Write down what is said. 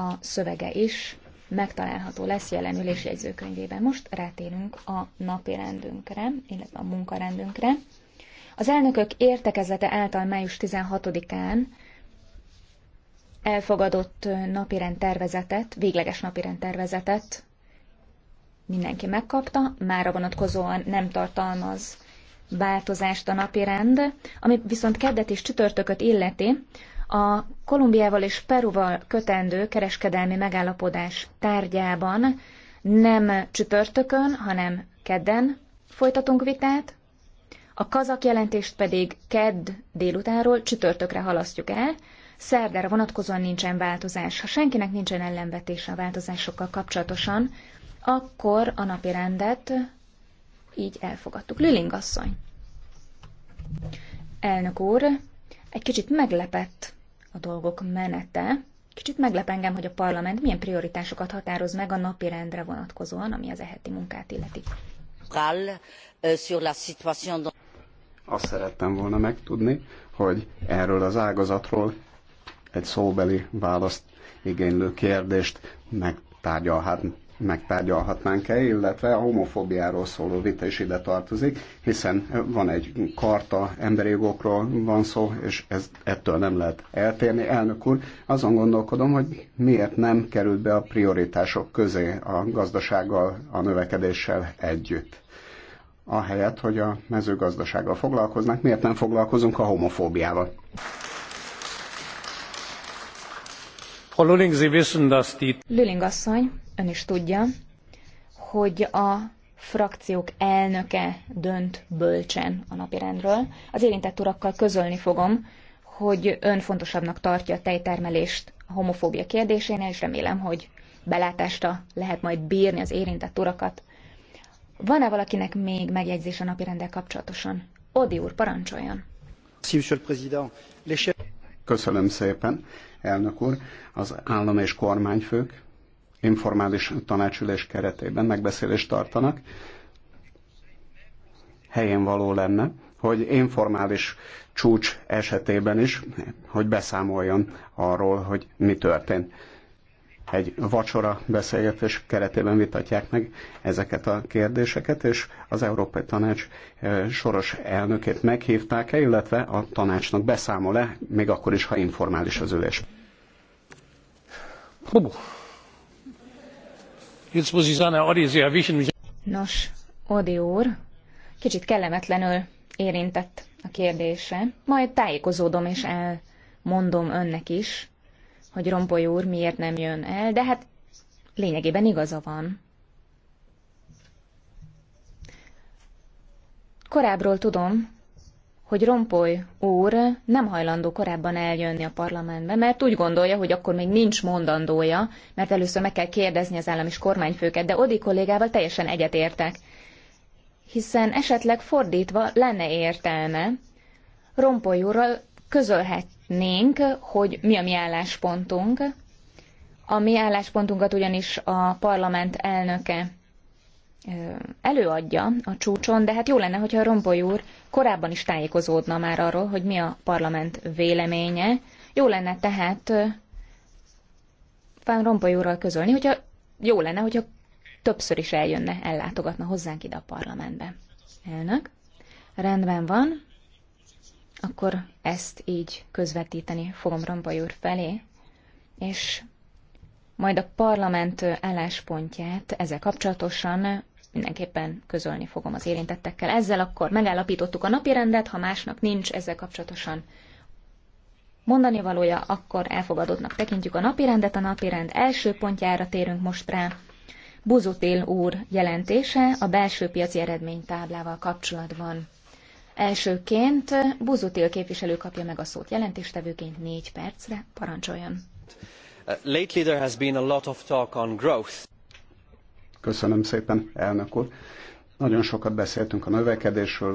a szövege is megtalálható lesz jelenülés jegyzőkönyvében. Most rátérünk a napi rendünkre, illetve a munkarendünkre. Az elnökök értekezete által május 16-án elfogadott napirend tervezetet, végleges napirend tervezetet mindenki megkapta, már a vonatkozóan nem tartalmaz változást a napirend, ami viszont keddet és csütörtököt illeti, a Kolumbiával és Peruval kötendő kereskedelmi megállapodás tárgyában nem csütörtökön, hanem kedden folytatunk vitát, a kazak jelentést pedig kedd délutánról csütörtökre halasztjuk el, szerdára vonatkozóan nincsen változás. Ha senkinek nincsen ellenvetése a változásokkal kapcsolatosan, akkor a napi rendet így elfogadtuk. Lüling asszony. Elnök úr, egy kicsit meglepett a dolgok menete. Kicsit meglep engem, hogy a parlament milyen prioritásokat határoz meg a napi rendre vonatkozóan, ami az eheti munkát illeti. Euh, Azt szerettem volna megtudni, hogy erről az ágazatról egy szóbeli választ igénylő kérdést megtárgyalhat megtárgyalhatnánk-e, illetve a homofóbiáról szóló vita is ide tartozik, hiszen van egy karta, emberi jogokról van szó, és ez, ettől nem lehet eltérni. Elnök úr, azon gondolkodom, hogy miért nem került be a prioritások közé a gazdasággal, a növekedéssel együtt. Ahelyett, hogy a mezőgazdasággal foglalkoznak, miért nem foglalkozunk a homofóbiával? Frau Lulling, asszony, ön is tudja, hogy a frakciók elnöke dönt bölcsen a napirendről. Az érintett urakkal közölni fogom, hogy ön fontosabbnak tartja a tejtermelést a homofóbia kérdésénél, és remélem, hogy belátásra lehet majd bírni az érintett urakat. Van-e valakinek még megjegyzés a napirendel kapcsolatosan? Odi úr, parancsoljon! Monsieur le Président, Köszönöm szépen, elnök úr. Az állam és kormányfők informális tanácsülés keretében megbeszélést tartanak. Helyén való lenne, hogy informális csúcs esetében is, hogy beszámoljon arról, hogy mi történt egy vacsora beszélgetés keretében vitatják meg ezeket a kérdéseket, és az Európai Tanács eh, soros elnökét meghívták-e, illetve a tanácsnak beszámol-e, még akkor is, ha informális az ülés. Nos, Odi úr, kicsit kellemetlenül érintett a kérdése, majd tájékozódom és elmondom önnek is, hogy Rompoly úr miért nem jön el, de hát lényegében igaza van. Korábbról tudom, hogy Rompoly úr nem hajlandó korábban eljönni a parlamentbe, mert úgy gondolja, hogy akkor még nincs mondandója, mert először meg kell kérdezni az állam és kormányfőket, de Odi kollégával teljesen egyetértek. Hiszen esetleg fordítva lenne értelme, Rompoly úrral közölhet, szeretnénk, hogy mi a mi álláspontunk. A mi álláspontunkat ugyanis a parlament elnöke előadja a csúcson, de hát jó lenne, hogyha Rompoly úr korábban is tájékozódna már arról, hogy mi a parlament véleménye. Jó lenne tehát Fán Rompoly úrral közölni, hogyha jó lenne, hogyha többször is eljönne, ellátogatna hozzánk ide a parlamentbe. Elnök? Rendben van akkor ezt így közvetíteni fogom Rampai úr felé, és majd a parlament álláspontját ezzel kapcsolatosan mindenképpen közölni fogom az érintettekkel. Ezzel akkor megállapítottuk a napirendet, ha másnak nincs ezzel kapcsolatosan mondani valója, akkor elfogadottnak tekintjük a napirendet. A napirend első pontjára térünk most rá. Buzutil úr jelentése a belső piaci eredménytáblával kapcsolatban. Elsőként Buzutil képviselő kapja meg a szót jelentéstevőként négy percre. Parancsoljon! Uh, lately there has been a lot of talk on growth. Köszönöm szépen, elnök úr. Nagyon sokat beszéltünk a növekedésről,